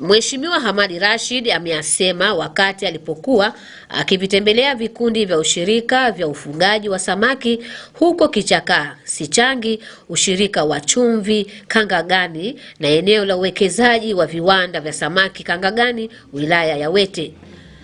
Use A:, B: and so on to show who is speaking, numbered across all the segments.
A: Mheshimiwa Hamadi Rashid ameyasema wakati alipokuwa akivitembelea vikundi vya ushirika vya ufugaji wa samaki huko Kichakaa, Sichangi, ushirika wa chumvi Kangagani na eneo la uwekezaji wa viwanda vya samaki Kangagani, wilaya ya Wete.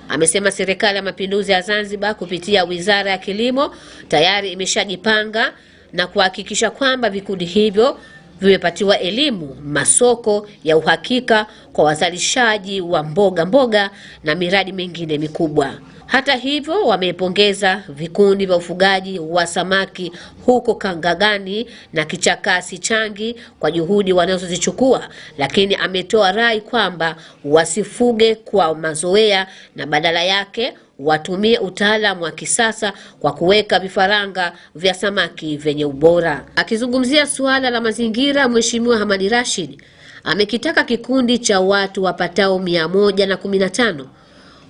A: Amesema serikali ya mapinduzi ya Zanzibar kupitia wizara ya kilimo tayari imeshajipanga na kuhakikisha kwamba vikundi hivyo vimepatiwa elimu, masoko ya uhakika kwa wazalishaji wa mboga mboga na miradi mingine mikubwa. Hata hivyo, wamepongeza vikundi vya ufugaji wa samaki huko Kangagani na Kichakasi Changi kwa juhudi wanazozichukua, lakini ametoa rai kwamba wasifuge kwa mazoea na badala yake watumie utaalamu wa kisasa kwa kuweka vifaranga vya samaki vyenye ubora.
B: Akizungumzia suala la mazingira, Mheshimiwa Hamadi Rashid amekitaka kikundi cha watu wapatao mia moja na kumi na tano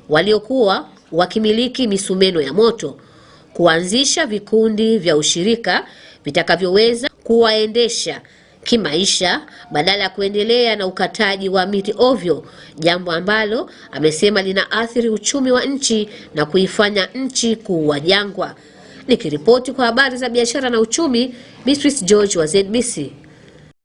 B: waliokuwa wakimiliki misumeno ya moto kuanzisha vikundi vya ushirika vitakavyoweza kuwaendesha kimaisha badala ya kuendelea na ukataji wa miti ovyo, jambo ambalo amesema linaathiri uchumi wa nchi na kuifanya nchi kuwa jangwa. Nikiripoti kwa habari za biashara na uchumi, Beatrice George wa ZBC.